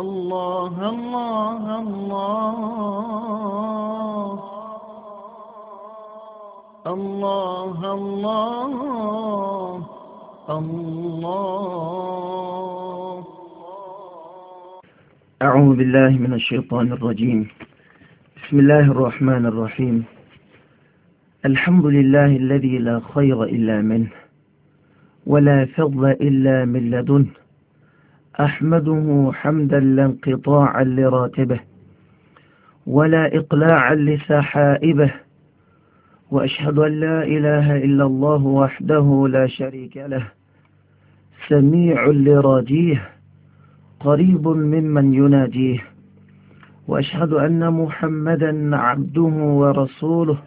الله الله الله الله الله الله أعوذ بالله من الشيطان الرجيم بسم الله الرحمن الرحيم الحمد لله الذي لا خير إلا منه ولا فضل إلا من لدنه أحمده حمدا لا انقطاعا لراتبه ولا إقلاعا لسحائبه وأشهد أن لا إله إلا الله وحده لا شريك له سميع لراجيه قريب ممن يناجيه وأشهد أن محمدا عبده ورسوله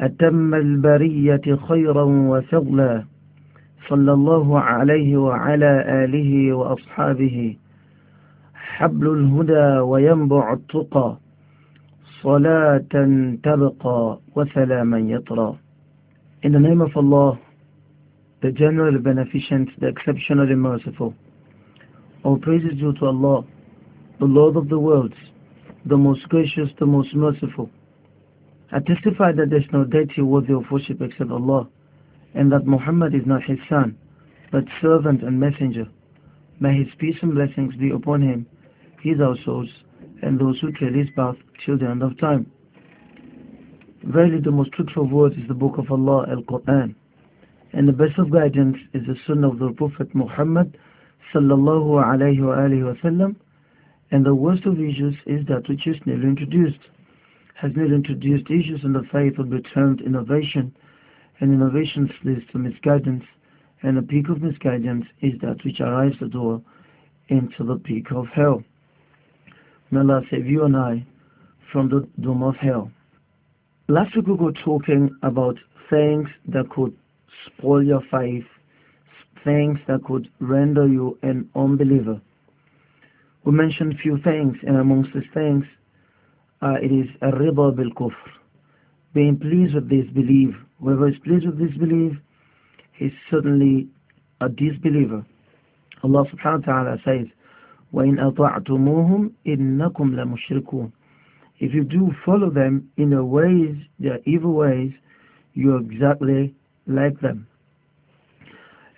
أتم البرية خيرا وفضلا صلى الله عليه وعلى آله وأصحابه حبل الهدى وينبع التقى صلاة تبقى وسلاما يطرى In the name of Allah, the General Beneficent, the Exceptionally Merciful. All praises due to Allah, the Lord of the worlds, the Most Gracious, the Most Merciful. I testify that there is no deity worthy of worship except Allah and that Muhammad is not his son, but servant and messenger. May his peace and blessings be upon him, his households, and those who tread his path till the end of time. Verily the most truthful word is the book of Allah, Al-Quran, and the best of guidance is the sunnah of the Prophet Muhammad sallallahu alayhi wa wasallam, and the worst of issues is that which is newly introduced. Has newly introduced issues in the faith will be termed innovation, and innovations leads to misguidance, and the peak of misguidance is that which arrives the door into the peak of hell. May Allah save you and I from the doom of hell. Last week we were talking about things that could spoil your faith, things that could render you an unbeliever. We mentioned few things, and amongst these things, uh, it is riba bil kufr, being pleased with this belief. Whoever is pleased with disbelief, he's is certainly a disbeliever. Allah subhanahu wa ta'ala says, وَإِنْ أَطَعْتُمُوهُمْ إِنَّكُمْ لَمُشْرِكُونَ If you do follow them in their ways, their evil ways, you're exactly like them.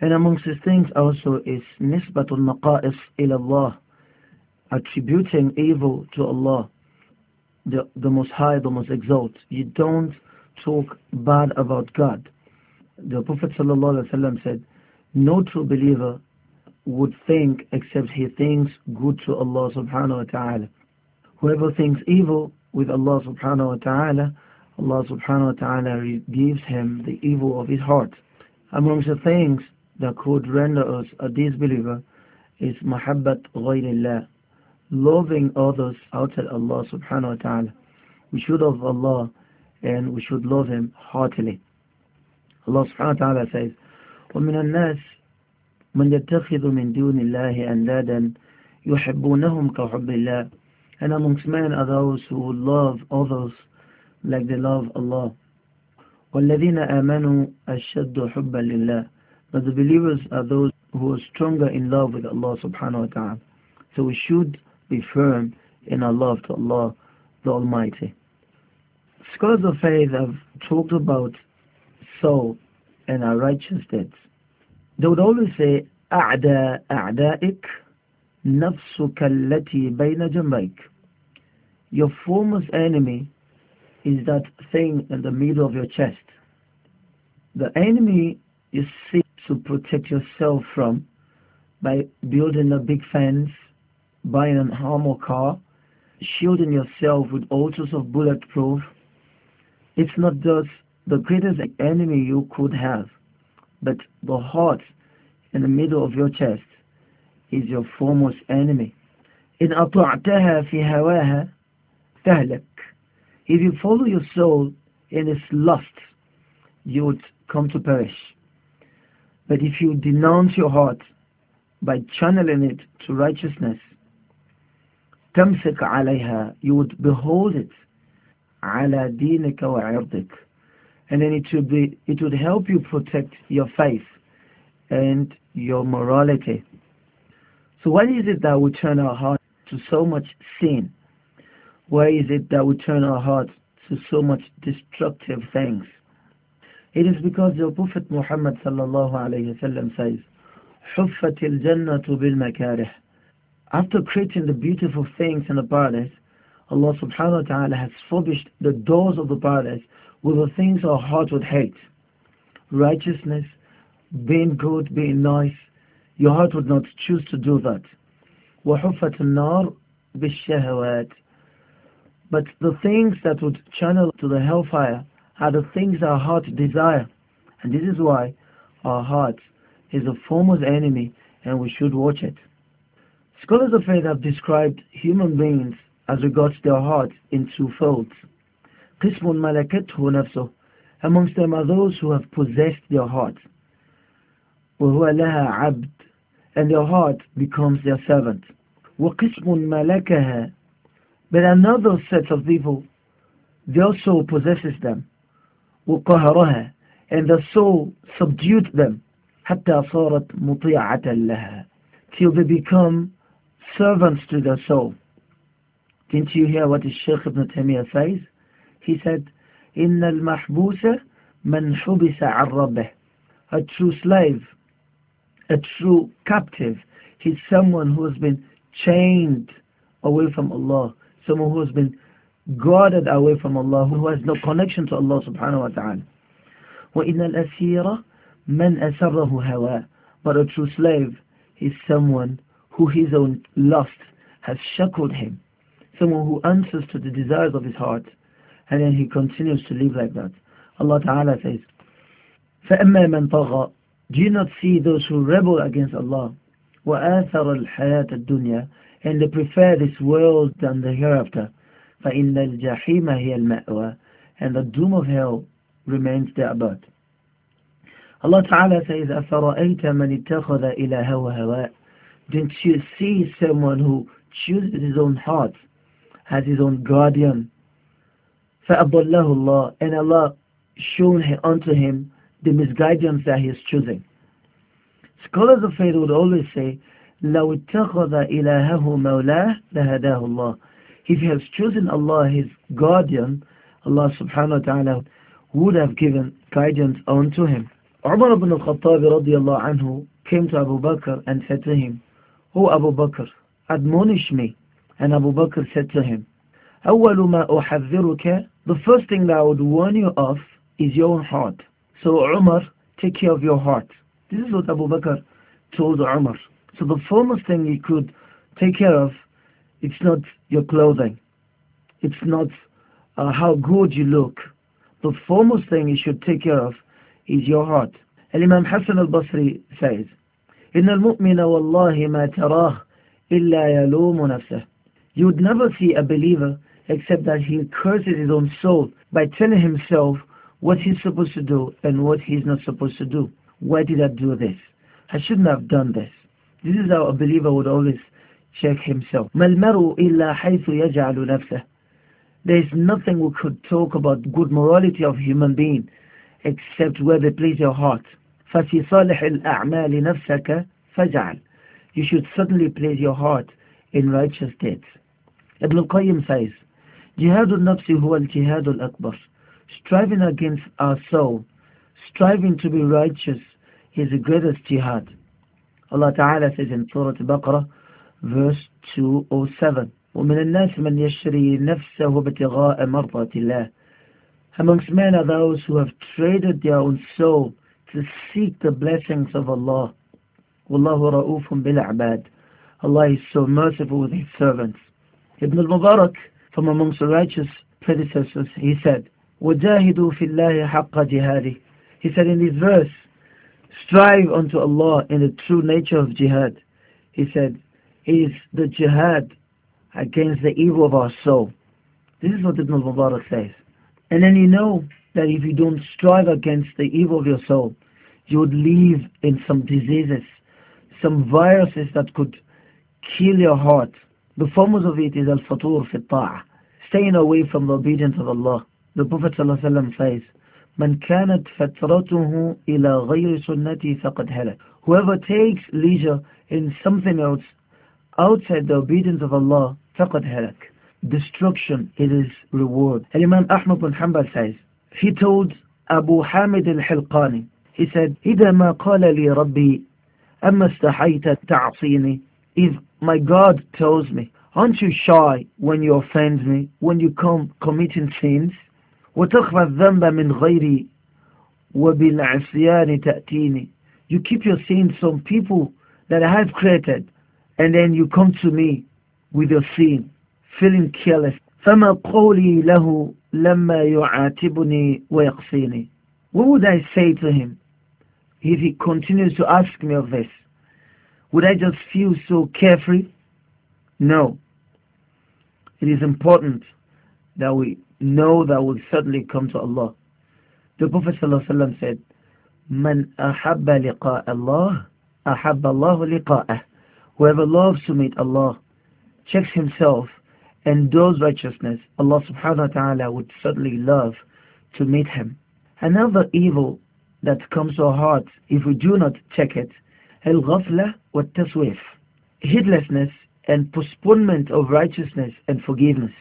And amongst these things also is nisbatul maqa'is ila Allah, attributing evil to Allah, the, the Most High, the Most Exalted. You don't talk bad about God. The Prophet ﷺ said, No true believer would think except he thinks good to Allah subhanahu wa ta'ala. Whoever thinks evil with Allah subhanahu wa ta'ala, Allah subhanahu wa ta'ala gives him the evil of his heart. Amongst the things that could render us a disbeliever is mahabbat ghayrillah, loving others outside Allah subhanahu wa ta'ala. We should of Allah and we should love him heartily. Allah subhanahu wa ta'ala says, وَمِنَ النَّاسِ مَنْ يَتَّخِذُ مِنْ دُونِ اللَّهِ أَنْدَادًا يُحِبُّونَهُمْ كَحُبِّ اللَّهِ And amongst men are those who love others like they love Allah. وَالَّذِينَ آمَنُوا أَشَّدُّ حُبًّا لِلَّهِ But the believers are those who are stronger in love with Allah subhanahu wa ta'ala. So we should be firm in our love to Allah the Almighty. Scholars of faith have talked about soul and our righteous deeds. They would always say, أعدى أعدائك نفسك التي بين جنبيك. Your foremost enemy is that thing in the middle of your chest. The enemy you seek to protect yourself from by building a big fence, buying an armor car, shielding yourself with all sorts of bulletproof it's not just the greatest enemy you could have, but the heart in the middle of your chest is your foremost enemy. In أطعتها في هواها تهلك. If you follow your soul in its lust, you would come to perish. But if you denounce your heart by channeling it to righteousness, تمسك عليها, you would behold it ala dinika wa irdik. And then it would be, it would help you protect your faith and your morality. So why is it that we turn our heart to so much sin? Why is it that we turn our hearts to so much destructive things? It is because the Prophet Muhammad sallallahu alayhi wasallam says, "Huffatil jannatu bil makarih." After creating the beautiful things in the paradise, Allah subhanahu wa ta'ala has furnished the doors of the paradise with the things our heart would hate. Righteousness, being good, being nice, your heart would not choose to do that. وَحُفَّةُ النَّارِ shahwat. But the things that would channel to the hellfire are the things our heart desire. And this is why our heart is a foremost enemy and we should watch it. Scholars of faith have described human beings as regards their hearts in two folds. قسم ملكته نفسه Amongst them are those who have possessed their heart. وهو لها عبد And their heart becomes their servant. وقسم ملكها But another set of people, their soul possesses them. وقهرها And the soul subdued them. حتى صارت مطيعة لها Till they become servants to their soul. Didn't you hear what the Shaykh ibn Taymiyyah says? He said, al الْمَحْبُوسَ man hubisa al-Rabbah." A true slave, a true captive, he's someone who has been chained away from Allah, someone who has been guarded away from Allah, who has no connection to Allah subhanahu wa ta'ala. وَإِنَّ الْأَسِيرَ مَنْ أَسَرَّهُ هَوَى But a true slave is someone who his own lust has shackled him someone who answers to the desires of his heart, and then he continues to live like that. Allah Ta'ala says, فَأَمَّا مَنْ طَغَى Do you not see those who rebel against Allah? وَآثَرَ الْحَيَاةَ الدُّنْيَا And they prefer this world than the hereafter. فَإِنَّ الْجَحِيمَ هِيَ الْمَأْوَى And the doom of hell remains their abode. Allah Ta'ala says, أَفَرَأَيْتَ مَنِ اتَّخَذَ إِلَى هَوَاءَ Didn't you see someone who chooses his own heart as his own guardian. فَأَبَلَّهُ Allah, And Allah shown unto him the misguidance that he is choosing. Scholars of faith would always say, لَوْ اتَّخَذَ إِلَهَهُ مَوْلَاهُ لَهَدَاهُ اللَّهُ If he has chosen Allah, his guardian, Allah subhanahu wa ta'ala would have given guidance unto him. Umar ibn al-Khattab radiallahu anhu came to Abu Bakr and said to him, O Abu Bakr, admonish me and Abu Bakr said to him, The first thing that I would warn you of is your own heart. So Umar, take care of your heart. This is what Abu Bakr told Umar. So the foremost thing you could take care of, it's not your clothing. It's not uh, how good you look. The foremost thing you should take care of is your heart. الإمام al Basri says إن المؤمن والله ما تراه إلا يلوم نفسه you would never see a believer except that he curses his own soul by telling himself what he's supposed to do and what he's not supposed to do. Why did I do this? I shouldn't have done this. This is how a believer would always check himself. There is nothing we could talk about good morality of human being except where they please your heart. You should certainly place your heart in righteous deeds. Ibn al-Qayyim says, Jihad nafsi huwa al-jihad al-akbar, striving against our soul, striving to be righteous is the greatest jihad. Allah Ta'ala says in Surah Al-Baqarah, verse 207, وَمِنَ النَّاسِ مَنْ يَشْرِي نَفْسَهُ بِتِغَاءَ مَرْضَةِ اللَّهِ Amongst men are those who have traded their own soul to seek the blessings of Allah. Allah is so merciful with His servants. Ibn al-Mubarak, from amongst the righteous predecessors, he said, وَجَاهِدُوا فِي اللَّهِ حَقَّ جِهَادِهِ He said in this verse, strive unto Allah in the true nature of jihad. He said, is the jihad against the evil of our soul. This is what Ibn al-Mubarak says. And then you know that if you don't strive against the evil of your soul, you would live in some diseases, some viruses that could kill your heart, the foremost of it is al-fatur fi ta'ah, staying away from the obedience of Allah. The Prophet ﷺ says, "Man كانت فترته إلى غير سنتي فقد Whoever takes leisure in something else outside the obedience of Allah, فقد Destruction is his reward. And Imam Ahmad bin Hanbal says, he told Abu Hamid al-Hilqani, he said, إذا ma qala li ربي أما استحيت تعصيني إذ my God tells me, Aren't you shy when you offend me, when you come committing sins? You keep your sins from people that I have created and then you come to me with your sin, feeling careless. What would I say to him if he continues to ask me of this? Would I just feel so carefree? No. It is important that we know that we'll certainly come to Allah. The Prophet ﷺ said, Man ahabba liqa Allah, ahabba Allah liqa'ah. Whoever loves to meet Allah, checks himself, and does righteousness, Allah subhanahu wa ta'ala would certainly love to meet him. Another evil that comes to our hearts if we do not check it الغفلة والتسويف heedlessness and postponement of righteousness and forgiveness.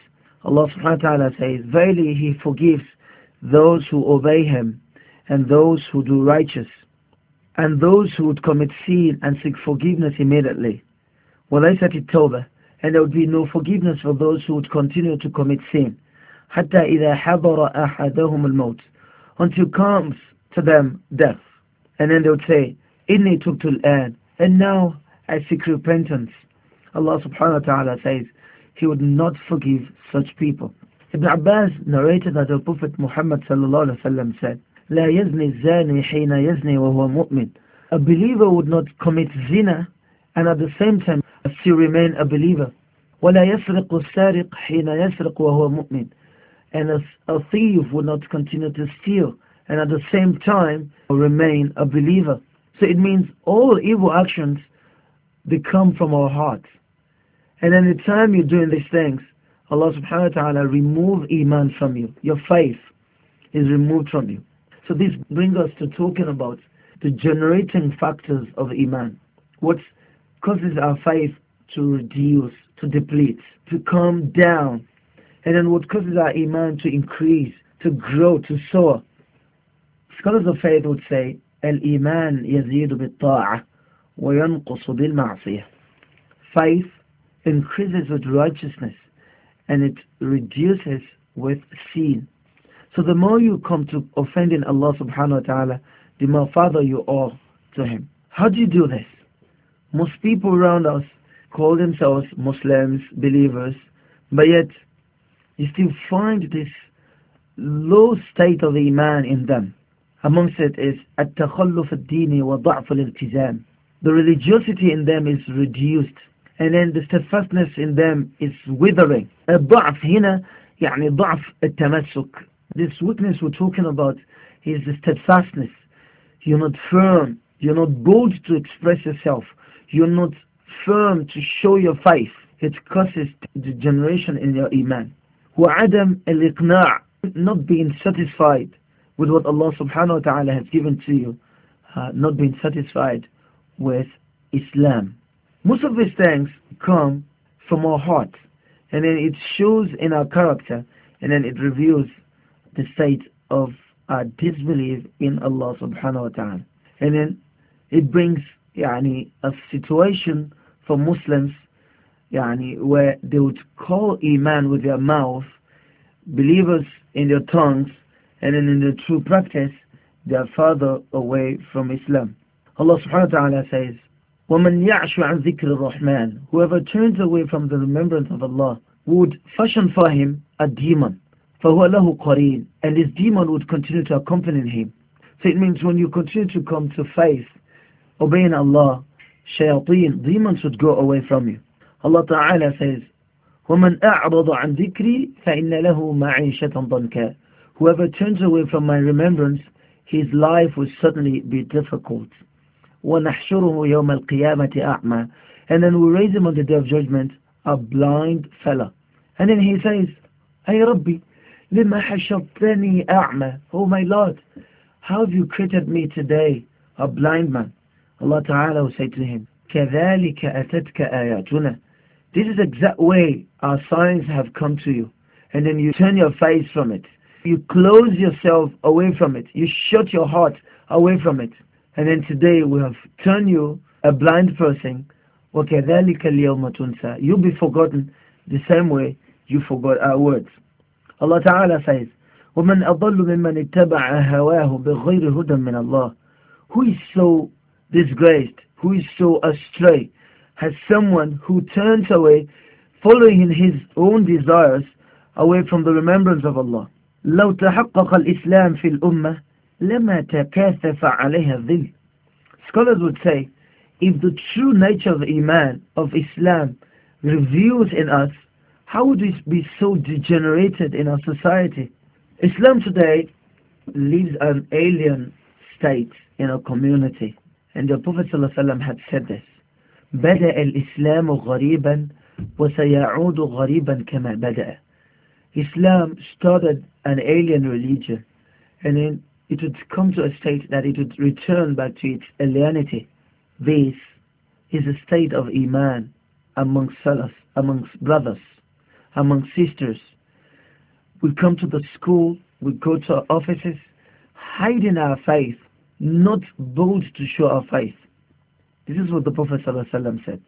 Allah subhanahu wa ta'ala says, Verily He forgives those who obey Him and those who do righteous and those who would commit sin and seek forgiveness immediately. وَلَيْسَتِ التَّوْبَةِ And there would be no forgiveness for those who would continue to commit sin. حَتَّى إِذَا حَضَرَ أَحَدَهُمُ الْمَوْتِ Until comes to them death. And then they would say, إِنِّي تُبْتُ الْآنِ And now I seek repentance. Allah subhanahu wa ta'ala says, He would not forgive such people. Ibn Abbas narrated that the Prophet Muhammad said, لا يزني الزاني حين يزني وهو مؤمن. A believer would not commit zina and at the same time still remain a believer. ولا يسرق السارق حين يسرق وهو مؤمن. And a, a thief would not continue to steal and at the same time remain a believer. So it means all evil actions, they come from our heart. And any time you're doing these things, Allah subhanahu wa ta'ala remove iman from you. Your faith is removed from you. So this brings us to talking about the generating factors of iman. What causes our faith to reduce, to deplete, to come down. And then what causes our iman to increase, to grow, to soar. Scholars of faith would say الإيمان يزيد بالطاعة وينقص بالمعصية. Faith increases with righteousness and it reduces with sin. So the more you come to offending Allah subhanahu wa ta'ala, the more father you are to Him. How do you do this? Most people around us call themselves Muslims, believers, but yet you still find this low state of Iman in them amongst it is wa الديني al الالتزام. The religiosity in them is reduced and then the steadfastness in them is withering. الضعف hina, يعني ضعف التمسك. This weakness we're talking about is the steadfastness. You're not firm. You're not bold to express yourself. You're not firm to show your faith. It causes degeneration in your iman. وعدم الإقناع. Not being satisfied with what Allah subhanahu wa ta'ala has given to you, uh, not being satisfied with Islam. Most of these things come from our heart, and then it shows in our character, and then it reveals the state of our disbelief in Allah subhanahu wa ta'ala. And then it brings يعني, a situation for Muslims يعني, where they would call Iman with their mouth, believers in their tongues, and in the true practice, they are further away from Islam. Allah subhanahu wa ta'ala says, وَمَنْ يَعْشُ عَنْ ذِكْرِ الرَّحْمَنِ Whoever turns away from the remembrance of Allah would fashion for him a demon. فَهُوَ لَهُ قَرِينٌ And this demon would continue to accompany him. So it means when you continue to come to faith, obeying Allah, shayateen, demons would go away from you. Allah Ta'ala says, وَمَنْ أَعْرَضَ عَنْ ذِكْرِي فَإِنَّ لَهُ مَعِيشَةً ضَنْكَةً Whoever turns away from my remembrance, his life will certainly be difficult. وَنَحْشُرُهُ يَوْمَ الْقِيَامَةِ أَعْمَى And then we raise him on the day of judgment, a blind fella. And then he says, "Hey, ربي لما حشرتني أعمى Oh my Lord, how have you created me today, a blind man? Allah Ta'ala will say to him, كَذَلِكَ أَتَتْكَ This is the exact way our signs have come to you. And then you turn your face from it. You close yourself away from it. You shut your heart away from it. And then today we have turned you a blind person. تُنْسَى You'll be forgotten the same way you forgot our words. Allah Ta'ala says, وَمَنْ أَضَلُّ مِمَّنِ اتَّبَعَ هَوَاهُ بِغَيْرِ هُدًى مِنَ اللَّهِ Who is so disgraced, who is so astray, has someone who turns away, following his own desires, away from the remembrance of Allah. لو تحقق الإسلام في الأمة لما تكاثف عليها الظل Scholars would say, if the true nature of Iman, of Islam, reveals in us, how would we be so degenerated in our society? Islam today leaves an alien state in our community. And the Prophet ﷺ had said this, بدأ الإسلام غريبا وسيعود غريبا كما بدأ. Islam started an alien religion and then it would come to a state that it would return back to its alienity. This is a state of Iman amongst Salaf, amongst brothers, amongst sisters. We come to the school, we go to our offices, hiding our faith, not bold to show our faith. This is what the Prophet ﷺ said.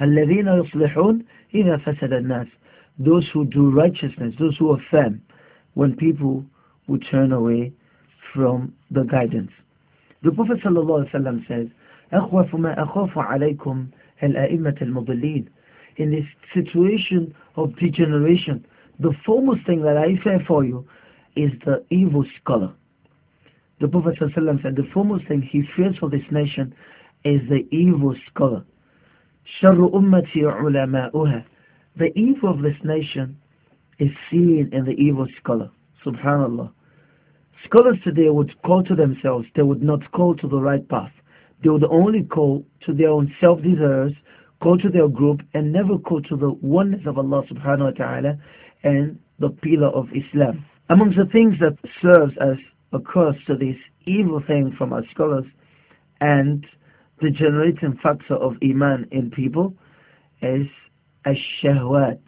الَّذِينَ يُصْلِحُونَ إِذَا فَسَدَ النَّاسِ those who do righteousness, those who affirm, when people will turn away from the guidance. The Prophet ﷺ says, أخوف ما أخاف عليكم الأئمة المضلين. In this situation of degeneration, the foremost thing that I fear for you is the evil scholar. The Prophet ﷺ said, the foremost thing he fears for this nation is the evil scholar. شر علماؤها the evil of this nation is seen in the evil scholar. Subhanallah. Scholars today would call to themselves, they would not call to the right path. They would only call to their own self desires, call to their group, and never call to the oneness of Allah subhanahu wa ta'ala and the pillar of Islam. Amongst the things that serves as a curse to this evil thing from our scholars and the generating factor of Iman in people is ash-shahwat,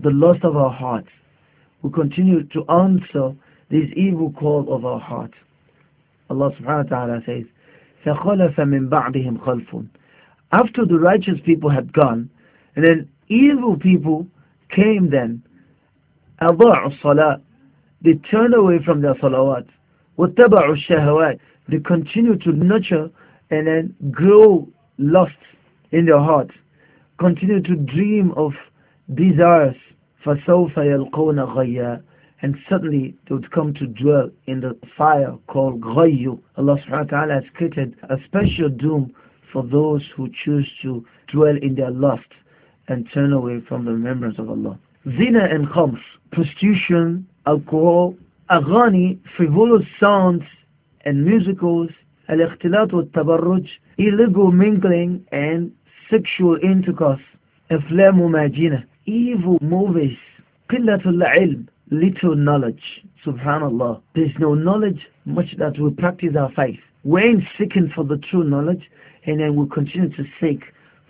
the lust of our hearts. We continue to answer this evil call of our heart. Allah subhanahu wa ta'ala says, فَخَلَفَ مِن بَعْدِهِمْ خَلْفٌ After the righteous people had gone, and then evil people came then, al الصَّلَاةِ They turned away from their salawat. al الشَّهَوَاتِ They continue to nurture and then grow lust in their hearts continue to dream of desires, فَسَوْفَ يَلْقَوْنَ غَيَّا And suddenly they would come to dwell in the fire called غَيُّ. Allah subhanahu wa ta'ala has created a special doom for those who choose to dwell in their lust and turn away from the remembrance of Allah. Zina and khams, prostitution, alcohol, aghani, frivolous sounds and musicals, al-ikhtilat wa tabarruj, illegal mingling and sexual intercourse, aflamu majina, evil movies, qillatul ilm, little knowledge. Subhanallah. There's no knowledge much that we practice our faith. We're in seeking for the true knowledge and then we continue to seek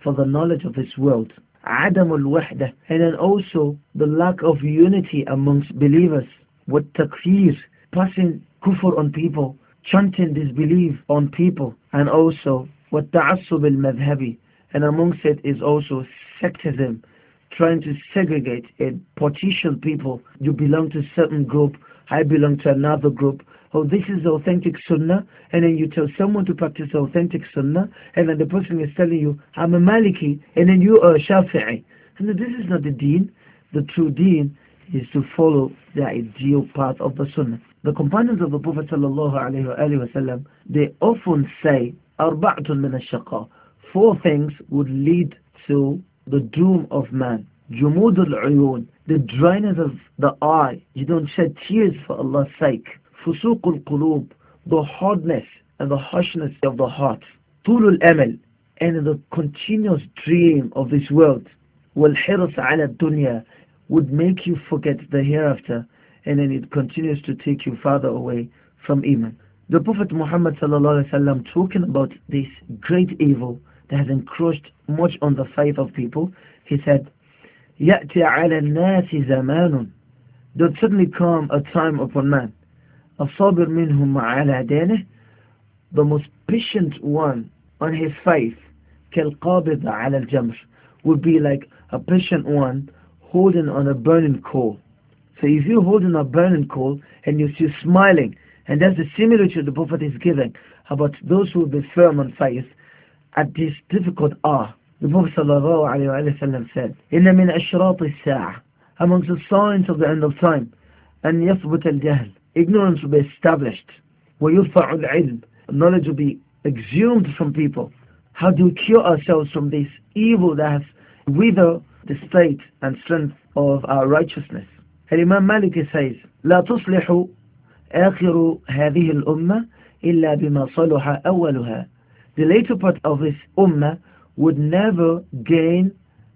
for the knowledge of this world. عدم الوحدة and then also the lack of unity amongst believers. What takfir, passing kufr on people, chanting disbelief on people and also what تعصب المذهبي and amongst it is also sectism, trying to segregate and partition people. You belong to a certain group, I belong to another group. Oh, this is authentic sunnah, and then you tell someone to practice authentic sunnah, and then the person is telling you, I'm a Maliki, and then you are a Shafi'i. And this is not the deen. The true deen is to follow the ideal path of the sunnah. The companions of the Prophet ﷺ they often say, أربعة من الشقاء four things would lead to the doom of man. Jumud al-uyun, the dryness of the eye. You don't shed tears for Allah's sake. Fusuq al-qulub, the hardness and the harshness of the heart. Tul al-amal, and the continuous dream of this world. Wal-hiras ala dunya, would make you forget the hereafter and then it continues to take you farther away from Iman. The Prophet Muhammad talking about this great evil that has encroached much on the faith of people, he said, يَأْتِ عَلَى النَّاسِ زَمَانٌ There'll suddenly come a time upon man. الصَّابِرْ مِنْهُمْ عَلَى دَيْنِهِ The most patient one on his faith, كَالْقَابِضَ عَلَى الْجَمْرِ Would be like a patient one holding on a burning coal. So if you're holding a burning coal and you're still smiling, and that's the similitude the Prophet is giving about those who will be firm on faith, at this difficult hour. The Prophet ﷺ said, إِنَّ مِنْ أَشْرَاطِ السَّاعَةِ Amongst the signs of the end of time, and يَثْبُتَ الْجَهْلِ Ignorance will be established. وَيُرْفَعُ الْعِلْمِ Knowledge will be exhumed from people. How do we cure ourselves from this evil that has withered the state and strength of our righteousness? And Imam Malik says, لا تصلح آخر هذه الأمة إلا بما صلح أولها the later part of his ummah would never gain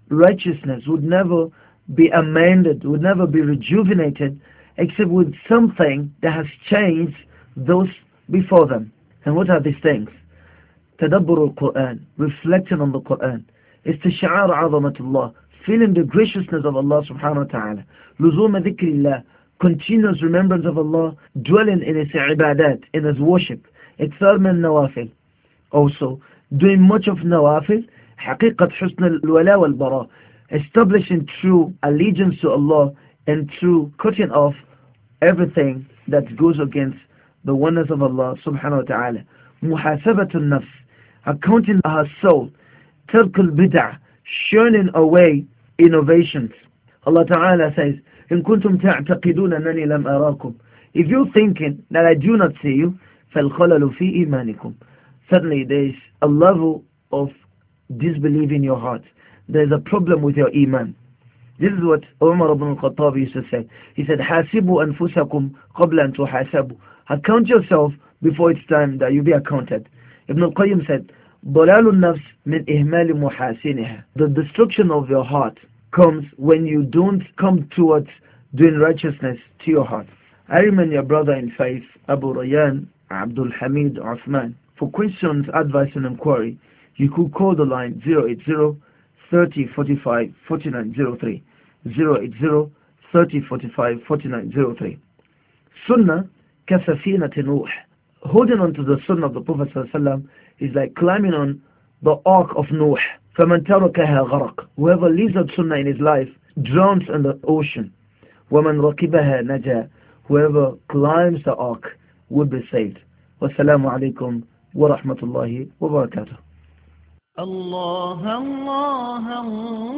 righteousness, would never be amended, would never be rejuvenated, except with something that has changed those before them. And what are these things? تدبر القرآن reflecting on the Quran استشعار عظمة الله feeling the graciousness of Allah subhanahu wa ta'ala لزوم ذكر الله continuous remembrance of Allah dwelling in his ibadat in his worship اكثر من نوافل also doing much of nawafil, حقيقة حسن الولاء والبراء, establishing true allegiance to Allah and true cutting off everything that goes against the oneness of Allah subhanahu wa ta'ala. محاسبة النفس, accounting her soul, ترك البدع, shunning away innovations. Allah Ta'ala says, إن كنتم تعتقدون أنني لم أراكم If you're thinking that I do not see you, فالخلل في إيمانكم Suddenly there is a level of disbelief in your heart. There is a problem with your iman. This is what Umar ibn al-Khattab used to say. He said, حَاسِبُوا أَنفُسَكُمْ قَبْلَ أَن تُحَاسَبُوا Account yourself before it's time that you be accounted. Ibn al-Qayyim said, ضَلَالُ النَّفْسِ مِنْ إِهْمَالِ مُحَاسِنِهَا The destruction of your heart comes when you don't come towards doing righteousness to your heart. I remember your brother in faith, Abu Rayyan, Abdul Hamid Uthman. For questions, advice, and inquiry, you could call the line 080 30 4903. 080 30 4903. Sunnah, kasafina Holding on to the sunnah of the Prophet ﷺ is like climbing on the ark of Nuh. Whoever leaves that sunnah in his life drowns in the ocean. Whoever climbs the ark will be saved. Wassalamu alaikum. ورحمة الله وبركاته الله الله الله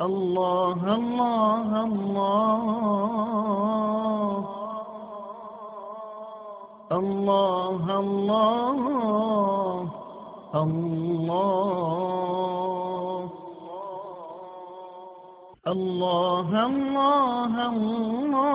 الله الله الله الله الله الله الله الله